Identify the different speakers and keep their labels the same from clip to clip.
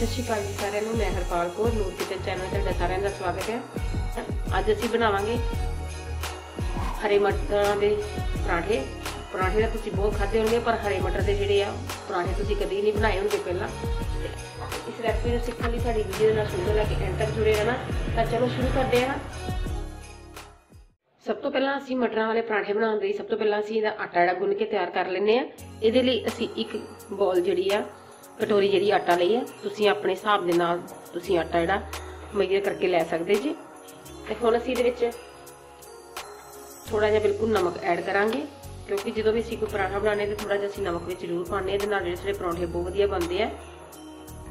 Speaker 1: ਸਤਿ ਸ਼੍ਰੀ ਅਕਾਲ ਜੀ ਸਾਰਿਆਂ ਨੂੰ ਮੈਂ ਹਰਪਾਲ ਕੌਰ ਨੂਰ ਕਿਚਨ ਚੈਨਲ ਤੇ ਤੁਹਾਡਾ ਸਾਰਿਆਂ ਦਾ ਸਵਾਗਤ ਹੈ ਅੱਜ ਅਸੀਂ ਬਣਾਵਾਂਗੇ ਹਰੇ ਮਟਰਾਂ ਦੇ ਪਰਾਂਠੇ ਪਰਾਂਠੇ ਤਾਂ ਤੁਸੀਂ ਬਹੁਤ ਖਾਦੇ ਹੋਣਗੇ ਪਰ ਹਰੇ ਮਟਰ ਦੇ ਜਿਹੜੇ ਆ ਪਰਾਂਠੇ ਤੁਸੀਂ ਕਦੀ ਨਹੀਂ ਬਣਾਏ ਹੋਣਗੇ ਪਹਿਲਾਂ ਇਸ ਰੈਸਪੀ ਨੂੰ ਸਿੱਖਣ ਲਈ ਸਾਡੀ ਵੀਡੀਓ ਨਾਲ ਸ਼ੁਰੂ ਲੈ ਕੇ ਐਂਡ ਤੱਕ ਜੁੜੇ ਰਹਿਣਾ ਤਾਂ ਚਲੋ ਸ਼ੁਰੂ ਕਰਦੇ ਹਾਂ ਸਭ ਤੋਂ ਪਹਿਲਾਂ ਅਸੀਂ ਮਟਰਾਂ ਵਾਲੇ ਪਰਾਂਠੇ ਬਣਾਉਣ ਲਈ ਸਭ ਤੋਂ ਪਹਿਲਾਂ ਅਸੀਂ ਇਹਦਾ ਆਟਾ ਜਿਹੜਾ ਗੁੰਨ ਕੇ ਤਿਆਰ ਕਰ ਲੈਨੇ ਆ ਇਹਦੇ ਲਈ ਅਸੀਂ ਇੱਕ ਬੋਲ ਜਿਹੜੀ ਆ ਕਟੋਰੀ ਜਿਹੜੀ ਆਟਾ ਲਈ ਹੈ ਤੁਸੀਂ ਆਪਣੇ ਹਿਸਾਬ ਦੇ ਨਾਲ ਤੁਸੀਂ ਆਟਾ ਜਿਹੜਾ ਮੈਗਰ ਕਰਕੇ ਲੈ ਸਕਦੇ ਜੀ ਤੇ ਹੁਣ ਅਸੀਂ ਇਹਦੇ ਵਿੱਚ ਥੋੜਾ ਜਿਹਾ ਬਿਲਕੁਲ ਨਮਕ ਐਡ ਕਰਾਂਗੇ ਕਿਉਂਕਿ ਜਦੋਂ ਵੀ ਅਸੀਂ ਕੋਈ ਪਰਾਠਾ ਬਣਾਉਂਦੇ ਤੇ ਥੋੜਾ ਜਿਹਾ ਅਸੀਂ ਨਮਕ ਵਿੱਚ ਜ਼ਰੂਰ ਪਾਉਂਦੇ ਇਹਦੇ ਨਾਲ ਜਿਹੜੇ ਸਾਡੇ ਪਰੌਂਠੇ ਬਹੁਤ ਵਧੀਆ ਬਣਦੇ ਆ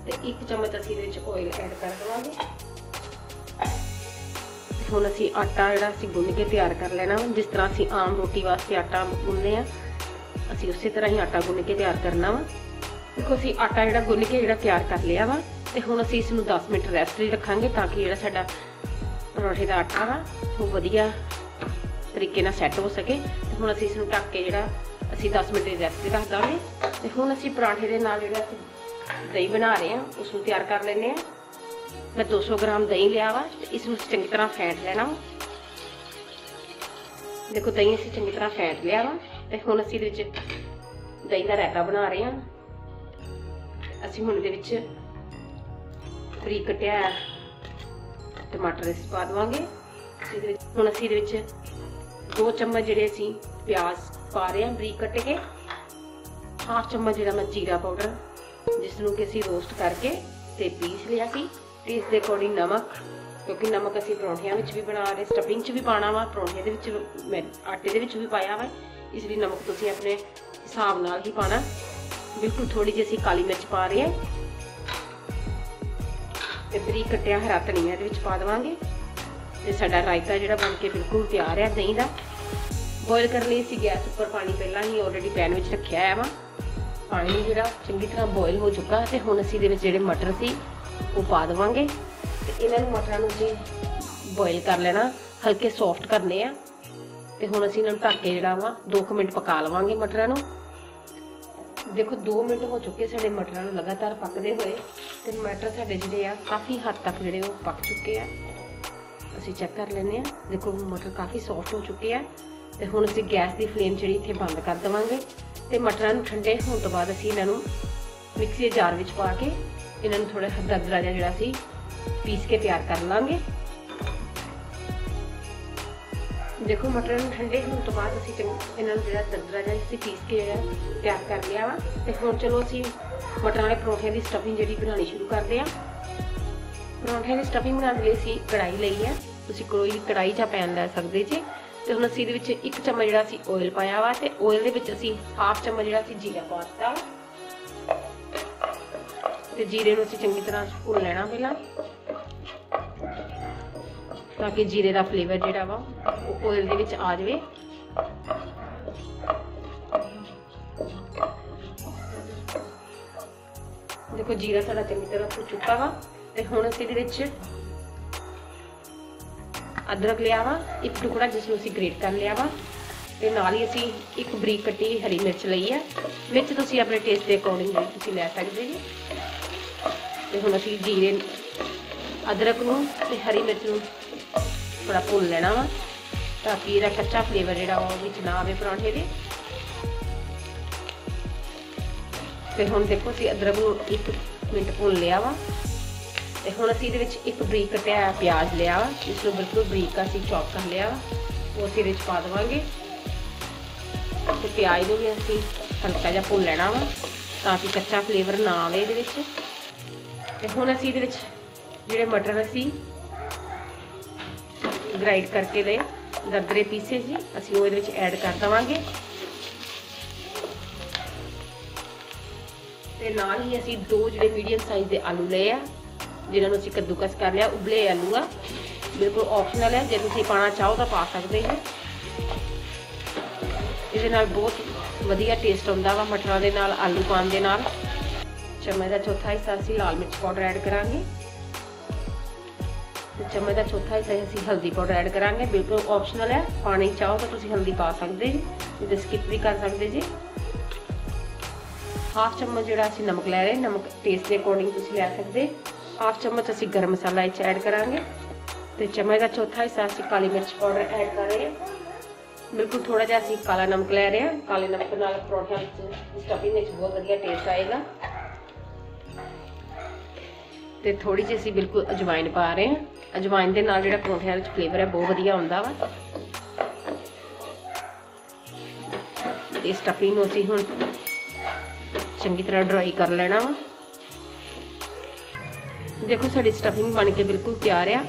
Speaker 1: ਤੇ ਇੱਕ ਚਮਚ ਅਸੀਂ ਇਹਦੇ ਵਿੱਚ ਆਇਲ ਐਡ ਕਰ ਦਵਾਂਗੇ ਹੁਣ ਅਸੀਂ ਆਟਾ ਜਿਹੜਾ ਅਸੀਂ ਗੁੰਨ ਕੇ ਤਿਆਰ ਕਰ ਲੈਣਾ ਜਿਸ ਤਰ੍ਹਾਂ ਅਸੀਂ ਆਮ ਰੋਟੀ ਵਾਸਤੇ ਆਟਾ ਗੁੰਨਦੇ ਆ ਅਸੀਂ ਉਸੇ ਤਰ੍ਹਾਂ ਹੀ ਆਟਾ ਗੁੰਨ ਕੇ ਤਿਆਰ ਕਰਨਾ ਵਾ ਦੇਖੋ ਅਸੀਂ ਆਟਾ ਜਿਹੜਾ ਗੁੰਨ ਕੇ ਜਿਹੜਾ ਤਿਆਰ ਕਰ ਲਿਆ ਵਾ ਤੇ ਹੁਣ ਅਸੀਂ ਇਸ ਨੂੰ 10 ਮਿੰਟ ਰੈਸਟ ਲਈ ਰੱਖਾਂਗੇ ਤਾਂ ਕਿ ਜਿਹੜਾ ਸਾਡਾ ਪਰੌਂਠੇ ਦਾ ਆਟਾ ਵਾ ਉਹ ਵਧੀਆ ਤਰੀਕੇ ਨਾਲ ਸੈੱਟ ਹੋ ਸਕੇ ਤੇ ਹੁਣ ਅਸੀਂ ਇਸ ਨੂੰ ਢੱਕ ਕੇ ਜਿਹੜਾ ਅਸੀਂ 10 ਮਿੰਟ ਦੀ ਰੈਸਟ ਲਈ ਰੱਖ ਦਾਂਗੇ ਤੇ ਹੁਣ ਅਸੀਂ ਪਰਾਂਠੇ ਦੇ ਨਾਲ ਜਿਹੜਾ ਦਹੀਂ ਬਣਾ ਰਹੇ ਹਾਂ ਉਸ ਨੂੰ ਤਿਆਰ ਕਰ ਲੈਨੇ ਆ ਮੈਂ 200 ਗ੍ਰਾਮ ਦਹੀਂ ਲਿਆ ਵਾ ਤੇ ਇਸ ਨੂੰ ਚੰਗੀ ਤਰ੍ਹਾਂ ਫੈਂਟ ਲੈਣਾ ਦੇਖੋ ਦਹੀਂ ਅਸੀਂ ਚੰਗੀ ਤਰ੍ਹਾਂ ਫੈਂਟ ਲਿਆ ਵਾ ਤੇ ਹੁਣ ਅਸੀਂ ਇਹਦੇ ਵਿੱਚ ਦਹੀਂ ਦਾ ਰਾਇਤਾ ਬਣਾ ਰਹੇ ਹਾਂ ਅਸੀਂ ਹੁਣ ਦੇ ਵਿੱਚ ਬਰੀਕ ਕਟਿਆ ਟਮਾਟਰ ਇਸ ਪਾ ਦਵਾਂਗੇ ਇਹਦੇ ਵਿੱਚ ਹੁਣ ਅਸੀਂ ਇਹਦੇ ਵਿੱਚ 2 ਚਮਚ ਜਿਹੜੇ ਅਸੀਂ ਪਿਆਜ਼ ਪਾ ਰਹੇ ਹਾਂ ਬਰੀਕ ਕੱਟ ਕੇ ਹਾਫ ਚਮਚ ਜਿਹੜਾ ਮੈਂ ਜੀਰਾ ਪਾਊਡਰ ਜਿਸ ਨੂੰ ਕਿ ਅਸੀਂ ਰੋਸਟ ਕਰਕੇ ਤੇ ਪੀਸ ਲਿਆ ਸੀ ਪੀਸ ਇਸ ਦੇ ਅਕੋਰਡਿੰਗ ਨਮਕ ਕਿਉਂਕਿ ਨਮਕ ਅਸੀਂ ਪਰੌਂਠਿਆਂ ਵਿੱਚ ਵੀ ਬਣਾ ਰਹੇ ਸਟਫਿੰਗ 'ਚ ਵੀ ਪਾਣਾ ਵਾ ਪਰੌਂਠੇ ਦੇ ਵਿੱਚ ਮੈਂ ਆਟੇ ਦੇ ਵਿੱਚ ਵੀ ਪਾਇਆ ਵਾ ਇਸ ਲਈ ਨਮਕ ਤੁਸੀਂ ਆਪਣੇ ਹਿਸਾਬ ਨਾਲ ਹੀ ਪਾਣਾ ਬਿਲਕੁਲ ਥੋੜੀ ਜਿਹੀ ਅਸੀਂ ਕਾਲੀ ਮਿਰਚ ਪਾ ਰਹੇ ਹਾਂ ਤੇ ਬਰੀਕ ਕੱਟਿਆ ਹਰਾ ਧਨੀਆ ਦੇ ਵਿੱਚ ਪਾ ਦਵਾਂਗੇ ਤੇ ਸਾਡਾ ਰਾਇਤਾ ਜਿਹੜਾ ਬਣ ਕੇ ਬਿਲਕੁਲ ਤਿਆਰ ਹੈ ਦਹੀਂ ਦਾ ਬੋਇਲ ਕਰਨ ਲਈ ਸੀ ਗੈਸ ਉੱਪਰ ਪਾਣੀ ਪਹਿਲਾਂ ਹੀ ਆਲਰੇਡੀ ਪੈਨ ਵਿੱਚ ਰੱਖਿਆ ਹੈ ਵਾ ਪਾਣੀ ਜਿਹੜਾ ਚੰਗੀ ਤਰ੍ਹਾਂ ਬੋਇਲ ਹੋ ਚੁੱਕਾ ਤੇ ਹੁਣ ਅਸੀਂ ਇਹਦੇ ਵਿੱਚ ਜਿਹੜੇ ਮਟਰ ਸੀ ਉਹ ਪਾ ਦਵਾਂਗੇ ਤੇ ਇਹਨਾਂ ਨੂੰ ਮਟਰਾਂ ਨੂੰ ਜੀ ਬੋਇਲ ਕਰ ਲੈਣਾ ਹਲਕੇ ਸੌਫਟ ਕਰਨੇ ਆ ਤੇ ਹੁਣ ਅਸੀਂ ਇਹਨਾਂ ਨੂੰ ਢੱਕ ਕੇ ਜਿਹੜਾ ਵਾ 2 ਮਿੰਟ ਪਕਾ ਲਵਾਂਗੇ ਮਟਰਾਂ ਨੂੰ ਦੇਖੋ 2 ਮਿੰਟ ਹੋ ਚੁੱਕੇ ਸਾਡੇ ਮਟਰਾਂ ਨੂੰ ਲਗਾਤਾਰ ਪੱਕਦੇ ਹੋਏ ਤੇ ਮਟਰ ਸਾਡੇ ਜਿਹੜੇ ਆ ਕਾਫੀ ਹੱਦ ਤੱਕ ਜਿਹੜੇ ਉਹ ਪੱਕ ਚੁੱਕੇ ਆ ਅਸੀਂ ਚੈੱਕ ਕਰ ਲੈਨੇ ਆ ਦੇਖੋ ਮਟਰ ਕਾਫੀ ਸੌਫਟ ਹੋ ਚੁੱਕੇ ਆ ਤੇ ਹੁਣ ਅਸੀਂ ਗੈਸ ਦੀ ਫਲੇਮ ਜਿਹੜੀ ਇੱਥੇ ਬੰਦ ਕਰ ਦਵਾਂਗੇ ਤੇ ਮਟਰਾਂ ਨੂੰ ਠੰਡੇ ਹੋਣ ਤੋਂ ਬਾਅਦ ਅਸੀਂ ਇਹਨਾਂ ਨੂੰ ਮਿਕਸੀ ਜਾਰ ਵਿੱਚ ਪਾ ਕੇ ਇਹਨਾਂ ਨੂੰ ਥੋੜਾ ਹਦਦਰਾ ਜਿਹੜਾ ਸੀ ਪੀਸ ਕੇ ਤਿਆਰ ਕਰ ਲਾਂਗੇ ਦੇਖੋ ਮਟਰ ਨੂੰ ਠੰਡੇ ਹੋਣ ਤੋਂ ਬਾਅਦ ਅਸੀਂ ਇਹਨਾਂ ਨੂੰ ਜਿਹੜਾ ਸੰਤਰਾ ਜਾਂ ਇਸੇ ਪੀਸ ਕੇ ਹੈ ਤਿਆਰ ਕਰ ਲਿਆ ਵਾ ਤੇ ਹੁਣ ਚਲੋ ਅਸੀਂ ਮਟਰਾਂ ਵਾਲੇ ਪਰੌਂਠੇ ਦੀ ਸਟਫਿੰਗ ਜਿਹੜੀ ਬਣਾਉਣੀ ਸ਼ੁਰੂ ਕਰਦੇ ਆ ਪਰੌਂਠੇ ਦੀ ਸਟਫਿੰਗ ਬਣਾਉਣ ਲਈ ਅਸੀਂ ਕੜਾਈ ਲਈ ਹੈ ਤੁਸੀਂ ਕੋਈ ਵੀ ਕੜਾਈ ਜਾਂ ਪੈਨ ਲੈ ਸਕਦੇ ਜੀ ਤੇ ਹੁਣ ਅਸੀਂ ਇਹਦੇ ਵਿੱਚ ਇੱਕ ਚਮਚ ਜਿਹੜਾ ਅਸੀਂ ਆਇਲ ਪਾਇਆ ਵਾ ਤੇ ਆਇਲ ਦੇ ਵਿੱਚ ਅਸੀਂ ਹਾਫ ਚਮਚ ਜਿਹੜਾ ਅਸੀਂ ਜੀਰਾ ਪਾਤਾ ਤੇ ਜੀਰੇ ਨੂੰ ਅਸੀਂ ਚੰਗੀ ਤਰ੍ਹਾਂ ਭੁੰਨ ਲੈਣਾ ਪਹਿਲਾਂ ਤਾਂ ਕਿ ਜੀਰੇ ਦਾ ਫਲੇਵਰ ਜਿਹੜਾ ਵਾ ਉਹ ਓਇਲ ਦੇ ਵਿੱਚ ਆ ਜਾਵੇ ਦੇਖੋ ਜੀਰਾ ਸਾਡਾ ਚੰਗੀ ਤਰ੍ਹਾਂ ਭੁੱਜ ਚੁੱਕਾ ਵਾ ਤੇ ਹੁਣ ਅਸੀਂ ਇਹਦੇ ਵਿੱਚ ਅਦਰਕ ਲਿਆ ਵਾ ਇੱਕ ਟੁਕੜਾ ਜਿਸ ਨੂੰ ਅਸੀਂ ਗ੍ਰੇਟ ਕਰ ਲਿਆ ਵਾ ਤੇ ਨਾਲ ਹੀ ਅਸੀਂ ਇੱਕ ਬਰੀਕ ਕੱਟੀ ਹਰੀ ਮਿਰਚ ਲਈ ਹੈ ਮਿਰਚ ਤੁਸੀਂ ਆਪਣੇ ਟੇਸਟ ਦੇ ਅਕੋਰਡਿੰਗ ਤੁਸੀਂ ਲੈ ਸਕਦੇ ਜੀ ਤੇ ਹੁਣ ਅਸੀਂ ਜੀਰੇ ਅਦਰਕ ਨੂੰ ਤੇ ਹਰੀ ਮਿਰਚ ਨੂੰ ਥੋੜਾ ਭੁੰਨ ਲੈਣਾ ਵਾ ਤਾਂ ਕਿ ਇਹਦਾ ਕੱਚਾ ਫਲੇਵਰ ਜਿਹੜਾ ਉਹ ਵਿੱਚ ਨਾ ਆਵੇ ਪਰੌਂਠੇ ਦੇ ਤੇ ਹੁਣ ਦੇਖੋ ਅਸੀਂ ਅਦਰਕ ਨੂੰ 1 ਮਿੰਟ ਭੁੰਨ ਲਿਆ ਵਾ ਤੇ ਹੁਣ ਅਸੀਂ ਇਹਦੇ ਵਿੱਚ ਇੱਕ ਬਰੀਕ ਕਟਿਆ ਪਿਆਜ਼ ਲਿਆ ਵਾ ਇਸ ਨੂੰ ਬਿਲਕੁਲ ਬਰੀਕ ਅਸੀਂ ਚੌਪ ਕਰ ਲਿਆ ਵਾ ਉਹ ਅਸੀਂ ਵਿੱਚ ਪਾ ਦਵਾਂਗੇ ਤੇ ਪਿਆਜ਼ ਨੂੰ ਵੀ ਅਸੀਂ ਹਲਕਾ ਜਿਹਾ ਭੁੰਨ ਲੈਣਾ ਵਾ ਤਾਂ ਕਿ ਕੱਚਾ ਫਲੇਵਰ ਨਾ ਆਵੇ ਇਹਦੇ ਵਿੱਚ ਤੇ ਹੁਣ ਅਸੀਂ ਇਹਦੇ ਵਿੱਚ ਜਿਹੜੇ ਮਟਰ ਅਸੀਂ ਗ੍ਰਾਈਂਡ ਕਰਕੇ ਲਏ ਗਦਰੇ ਪੀਸੇ ਜੀ ਅਸੀਂ ਉਹ ਇਹਦੇ ਵਿੱਚ ਐਡ ਕਰ ਦਵਾਂਗੇ ਤੇ ਨਾਲ ਹੀ ਅਸੀਂ ਦੋ ਜਿਹੜੇ ਮੀਡੀਅਮ ਸਾਈਜ਼ ਦੇ ਆਲੂ ਲਏ ਆ ਜਿਨ੍ਹਾਂ ਨੂੰ ਅਸੀਂ ਕੱਦੂਕਸ ਕਰ ਲਿਆ ਉਬਲੇ ਆਲੂ ਆ ਬਿਲਕੁਲ ਆਪਸ਼ਨਲ ਹੈ ਜੇ ਤੁਸੀਂ ਪਾਣਾ ਚਾਹੋ ਤਾਂ ਪਾ ਸਕਦੇ ਹੋ ਇਹਦੇ ਨਾਲ ਬਹੁਤ ਵਧੀਆ ਟੇਸਟ ਆਉਂਦਾ ਵਾ ਮਟਰਾਂ ਦੇ ਨਾਲ ਆਲੂ ਪਾਣ ਦੇ ਨਾਲ ਚਮਚ ਦਾ ਚੌਥਾ ਹਿੱਸਾ ਅਸੀਂ ਲਾਲ ਮਿਰਚ ਪਾਊਡਰ ਐਡ ਕਰਾਂਗੇ ਚਮਚ ਦਾ ਚੌਥਾ ਹਿੱਸਾ ਅਸੀਂ ਹਲਦੀ ਪਾਊਡਰ ਐਡ ਕਰਾਂਗੇ ਬਿਲਕੁਲ ਆਪਸ਼ਨਲ ਹੈ ਪਾਣੀ ਚਾਹੋ ਤਾਂ ਤੁਸੀਂ ਹਲਦੀ ਪਾ ਸਕਦੇ ਜੀ ਇਹਦੇ ਸਕਿਪ ਵੀ ਕਰ ਸਕਦੇ ਜੀ ਹਾਫ ਚਮਚ ਜਿਹੜਾ ਅਸੀਂ ਨਮਕ ਲੈ ਰਹੇ ਨਮਕ ਟੇਸਟ ਦੇ ਅਕੋਰਡਿੰਗ ਤੁਸੀਂ ਲੈ ਸਕਦੇ ਹਾਫ ਚਮਚ ਅਸੀਂ ਗਰਮ ਮਸਾਲਾ ਇੱਚ ਐਡ ਕਰਾਂਗੇ ਤੇ ਚਮਚ ਦਾ ਚੌਥਾ ਹਿੱਸਾ ਅਸੀਂ ਕਾਲੀ ਮਿਰਚ ਪਾਊਡਰ ਐਡ ਕਰ ਰਹੇ ਹਾਂ ਬਿਲਕੁਲ ਥੋੜਾ ਜਿਹਾ ਅਸੀਂ ਕਾਲਾ ਨਮਕ ਲੈ ਰਹੇ ਹਾਂ ਕਾਲੇ ਨਮਕ ਨਾਲ ਪਰੌਠਾ ਵਿੱਚ ਸਟਫਿੰਗ ਵਿੱਚ ਬਹੁਤ ਵਧੀਆ ਟੇਸਟ ਆਏਗਾ ਤੇ ਥੋੜੀ ਜਿਹੀ ਅਸੀਂ ਬਿਲਕੁਲ ਅਜਵਾਇਨ ਪਾ ਰਹੇ ਹਾਂ ਅਜਵਾਇਨ ਦੇ ਨਾਲ ਜਿਹੜਾ ਪਰੌਂਠਿਆਂ ਵਿੱਚ ਫਲੇਵਰ ਹੈ ਬਹੁਤ ਵਧੀਆ ਆਉਂਦਾ ਵਾ ਤੇ ਸਟਫਿੰਗ ਨੂੰ ਅਸੀਂ ਹੁਣ ਚੰਗੀ ਤਰ੍ਹਾਂ ਡਰਾਈ ਕਰ ਲੈਣਾ ਵਾ ਦੇਖੋ ਸਾਡੀ ਸਟਫਿੰਗ ਬਣ ਕੇ ਬਿਲਕੁਲ ਤਿਆਰ ਆ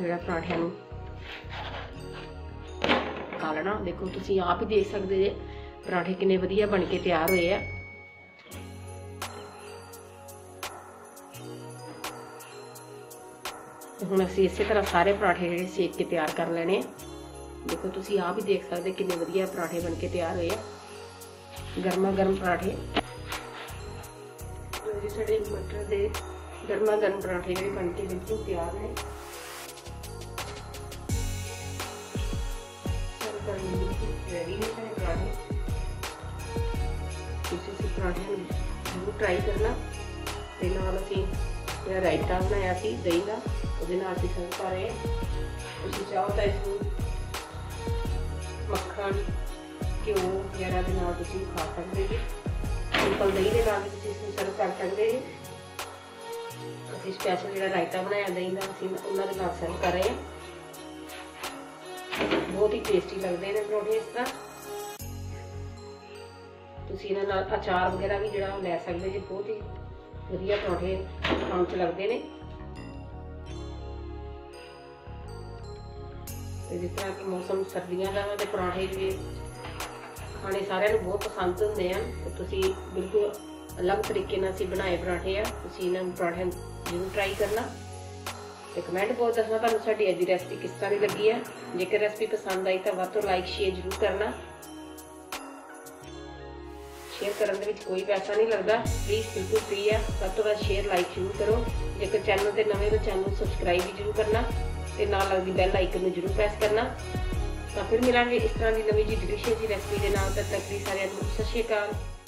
Speaker 1: ਜਿਹੜਾ ਪਰਾਂਠਿਆਂ ਨੂੰ ਪਕਾ ਲੈਣਾ ਦੇਖੋ ਤੁਸੀਂ ਆਪ ਹੀ ਦੇਖ ਸਕਦੇ ਜੇ ਪਰਾਂਠੇ ਕਿੰਨੇ ਵਧੀਆ ਬਣ ਕੇ ਤਿਆਰ ਹੋਏ ਆ ਹੁਣ ਅਸੀਂ ਇਸੇ ਤਰ੍ਹਾਂ ਸਾਰੇ ਪਰਾਠੇ ਜਿਹੜੇ ਸੇਕ ਕੇ ਤਿਆਰ ਕਰ ਲੈਣੇ ਦੇਖੋ ਤੁਸੀਂ ਆਪ ਹੀ ਦੇਖ ਸਕਦੇ ਕਿੰਨੇ ਵਧੀਆ ਪਰਾਠੇ ਬਣ ਕੇ ਤਿਆਰ ਹੋਏ ਆ ਗਰਮਾ ਗਰਮ ਪਰਾਠੇ ਜਿਹੜੇ ਸਾਡੇ ਮਟਰ ਦੇ ਗਰਮਾ ਗਰਮ ਪਰਾਠੇ ਜਿਹੜੇ ਬਣ ਕੇ ਬਿਲਕੁਲ ਤਿਆਰ ਨੇ ਰੈਡੀ ਨੇ ਤੇ ਪਰਾਂਠੇ ਤੁਸੀਂ ਇਸ ਪਰਾਂਠੇ ਨੂੰ ਟਰਾਈ ਕਰਨਾ ਤੇ ਨਾਲ ਅਸੀਂ ਜਿਹੜਾ ਰਾਇਤਾ ਬਣਾਇਆ ਸੀ ਦਹੀਂ ਦਾ ਉਹਦੇ ਨਾਲ ਅਸੀਂ ਸਰਵ ਕਰ ਰਹੇ ਤੁਸੀਂ ਚਾਹੋ ਤਾਂ ਇਸ ਨੂੰ ਮੱਖਣ ਘਿਓ ਵਗੈਰਾ ਦੇ ਨਾਲ ਤੁਸੀਂ ਖਾ ਸਕਦੇ ਜੀ ਸਿੰਪਲ ਦਹੀਂ ਦੇ ਨਾਲ ਤੁਸੀਂ ਇਸ ਨੂੰ ਸਰਵ ਕਰ ਸਕਦੇ ਜੀ ਅਸੀਂ ਸਪੈਸ਼ਲ ਜਿਹੜਾ ਰਾਇਤਾ ਬਣਾਇਆ ਦਹੀਂ ਦਾ ਅਸੀਂ ਉਹਨਾਂ ਦੇ ਨਾਲ ਸਰਵ ਕਰ ਰਹੇ ਹਾਂ ਬਹੁਤ ਹੀ ਟੇਸਟੀ ਲੱਗਦੇ ਨੇ ਪਰੌਂਠੇ ਇਸ ਤਰ੍ਹਾਂ ਤੁਸੀਂ ਇਹਨਾਂ ਨਾਲ ਅਚਾਰ ਵਗੈਰਾ ਵੀ ਜਿਹੜਾ ਲੈ ਸਕਦੇ ਜੀ ਬਹੁਤ ਹੀ ਵਧੀਆ ਪਰੌਂਠੇ ਖਾਣ ਚ ਲੱਗਦੇ ਨੇ ਤੇ ਜਿਸ ਤਰ੍ਹਾਂ ਕਿ ਮੌਸਮ ਸਰਦੀਆਂ ਦਾ ਹੈ ਤੇ ਪਰੌਂਠੇ ਵੀ ਖਾਣੇ ਸਾਰਿਆਂ ਨੂੰ ਬਹੁਤ ਪਸੰਦ ਹੁੰਦੇ ਆ ਤੇ ਤੁਸੀਂ ਬਿਲਕੁਲ ਅਲੱਗ ਤਰੀਕੇ ਨਾਲ ਸੀ ਬਣਾਏ ਪਰਾਠੇ ਆ ਤੁਸੀਂ ਇਹਨਾਂ ਨੂੰ ਜ਼ਰੂਰ ਟਰਾਈ ਕਰਨਾ ਤੇ ਕਮੈਂਟ ਬਹੁਤ ਦੱਸਣਾ ਤੁਹਾਨੂੰ ਸਾਡੀ ਅੱਜ ਦੀ ਰੈਸਪੀ ਕਿਸ ਤਰ੍ਹਾਂ ਦੀ ਲੱਗੀ ਹੈ ਜੇਕਰ ਰੈਸਪੀ ਪਸੰਦ ਆਈ ਤਾਂ ਵੱਧ ਤੋਂ ਲਾਈਕ ਸ਼ੇਅਰ ਜ਼ਰੂਰ ਕਰਨਾ ਸ਼ੇਅਰ ਕਰਨ ਦੇ ਵਿੱਚ ਕੋਈ ਪੈਸਾ ਨਹੀਂ ਲੱਗਦਾ ਪਲੀਜ਼ ਬਿਲਕੁਲ ਫ੍ਰੀ ਹੈ ਸਭ ਤੋਂ ਵੱਧ ਸ਼ੇਅਰ ਲਾਈਕ ਜ਼ਰੂਰ ਕਰੋ ਜੇਕਰ ਚੈਨਲ ਤੇ ਨਵੇਂ ਹੋ ਚੈਨਲ ਨੂੰ ਸਬਸਕ੍ਰਾਈਬ ਵੀ ਜ਼ਰੂਰ ਕਰਨਾ ਤੇ ਨਾਲ ਲੱਗਦੀ ਬੈਲ ਆਈਕਨ ਨੂੰ ਜ਼ਰੂਰ ਪ੍ਰੈਸ ਕਰਨਾ ਤਾਂ ਫਿਰ ਮਿਲਾਂਗੇ ਇਸ ਤਰ੍ਹਾਂ ਦੀ ਨਵੀਂ ਜੀ ਡਿਲੀਸ਼ੀਅਸ ਦੀ ਰੈਸਪੀ ਦੇ ਨਾਲ ਤਦ ਤੱਕ ਲਈ ਸਾਰਿਆਂ ਨੂੰ ਸਤਿ ਸ਼੍ਰੀ ਅਕਾਲ